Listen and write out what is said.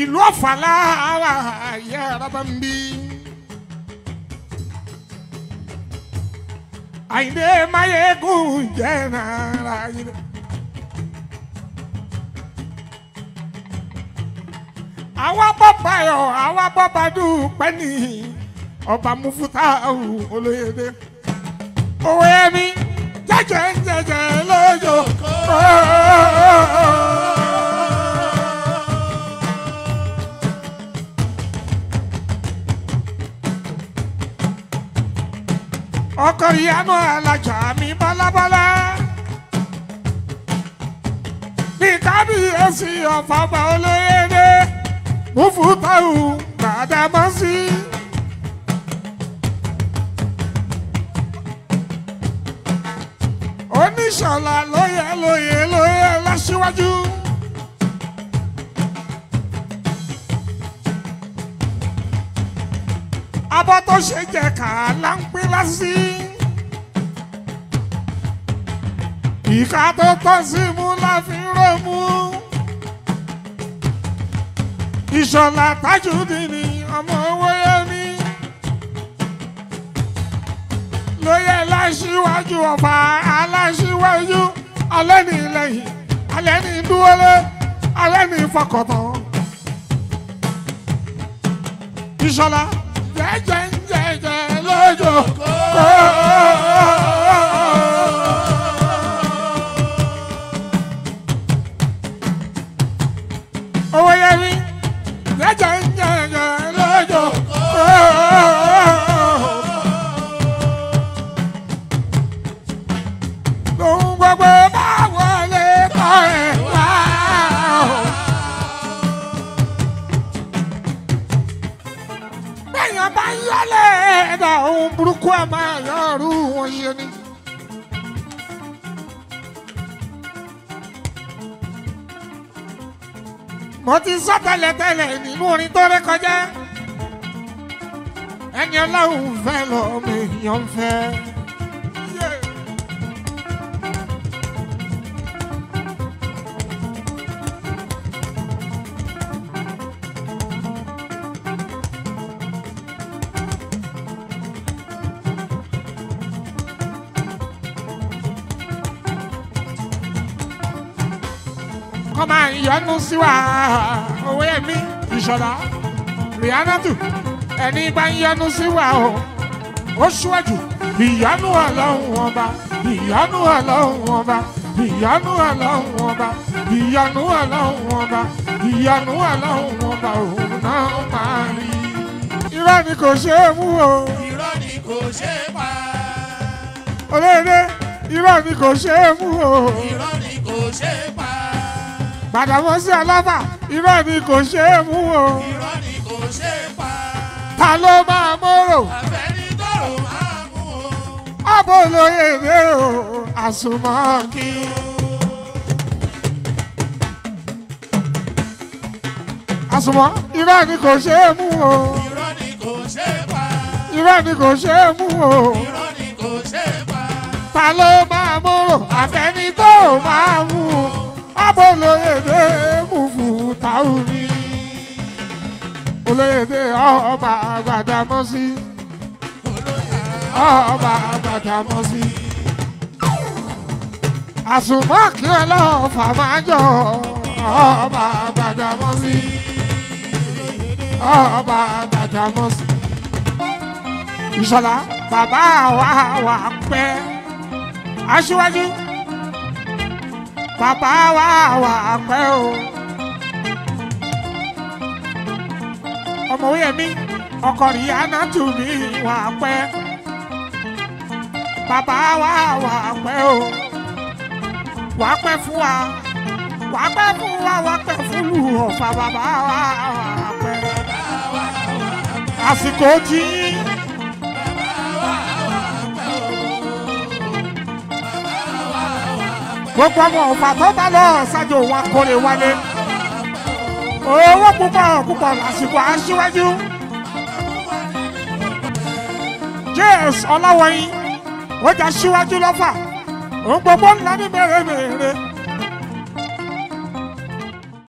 ìlú ọ̀fàlà ara ayé araba ń bí. àyìnlé mayegun jẹ́ nàrà yìí. àwa bọ́ bayọ̀ àwa bọ́ badu pẹ́ni ọba mufuta olóyèdè. òwe mi jẹjẹ jẹjẹ lójó kọ́. ọkọ ìyanu alájà mi bọ́lábọ́lá ní kábíyèsí ọ̀fọ̀mọ̀ olóyèdè mufutau bàdámọ́sí. oníṣọ̀lá lóye lóye lóye lọ́síwájú. abọ́ tó ṣe jẹ kà á là ń pín lásì. ìka tó tọ́ sí mú la fi rọ́mú. ìṣọ̀lá Tajudeen ọmọ owó yẹmi. lóyè láṣíwájú ọ̀fà aláṣíwájú alẹ́ ní lẹ́yìn alẹ́ ní dúwọ́lé alẹ́ ní fọkàntán. ìṣọ̀lá jẹ́jẹ́ jẹ́jẹ́ lójó kó. bá ń yọlẹ̀ ẹ̀dá ohun burúkú ẹ̀ máa yọrù wọn yé ni. mo ti sọ tẹ́lẹ̀tẹ́lẹ̀ nínú orin tó ré kọjá ẹni ọlọ́run fẹ́ lọ́mọ èèyàn fẹ́. kọ́ máa yọnu sí wa owó ẹ̀mí ìṣọ̀lá rìhánàtù ẹni bá ń yọnu sí wa o ó ṣíwájú ìyọnu ọlọ́run ọba ìyọnu ọlọ́run ọba ìyọnu ọlọ́run ọba ìyọnu ọlọ́run ọba ìyọnu ọlọ́run ọba òun náà máa rí. irọ́ ni kò ṣe é mú o. irọ́ ni kò ṣe é pa. olóore irọ́ ni kò ṣe é mú o. irọ́ ni kò ṣe é pa. Badamasi Alaba irọ́ ni kò ṣe é mú o. irọ́ ni kò ṣe é pa. ta ló máa mọ́rò. àfẹ́rí tọrọ máa mú o. ọ̀bọ̀ olóyè èdè o àsùnmọ́ kí o. àsùnmọ́ irọ́ ni kò ṣe é mú o. irọ́ ni kò ṣe é pa. irọ́ ni kò ṣe é mú o. irọ́ ni kò ṣe é pa. ta ló máa mọ́rò. àfẹ́rí tọrọ máa mú o pé olóyèdè mùfù táwọn ni olóyèdè ọba àgbàdàmọ́sí ọba àgbàdàmọ́sí àsùnmọ́kì ọlọ́ọ̀fà máa jọ ọba àgbàdàmọ́sí ọba àgbàdàmọ́sí ìṣọ̀lá bàbá wa wà pẹ́ aṣíwájú bàbá wa wà pẹ́ o. ọmọwé mi ọkọ Rihanna tù mí wà pẹ́. bàbá wa wà pẹ́ o. wà pẹ́ fún wa wà pẹ́ fún wa wà pẹ́ fún lù ọ̀fà bàbá wa wà pẹ́. àsìkò jí yín. gbogbo ọmọ ọ̀fà tó bá lọ ṣáájú wa kórè wálé owó púpọ̀ púpọ̀ lásìkò aṣíwájú James Ọláwọyìn ó jà síwájú lọ́fà òun gbogbo ńlá ní mèremère.